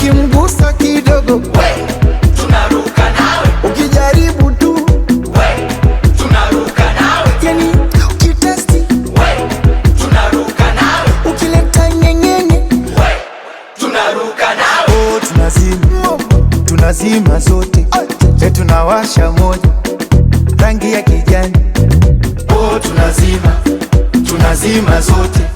ukimgusa kidogo we, tunaruka nawe, ukijaribu tu we, tunaruka nawe, yani ukitesti we, tunaruka nawe, ukileta nyenyenye we, tunaruka nawe. Oh, tunazima tunazima zote e, tunawasha moja rangi ya kijani. Oh, tunazima tunazima zote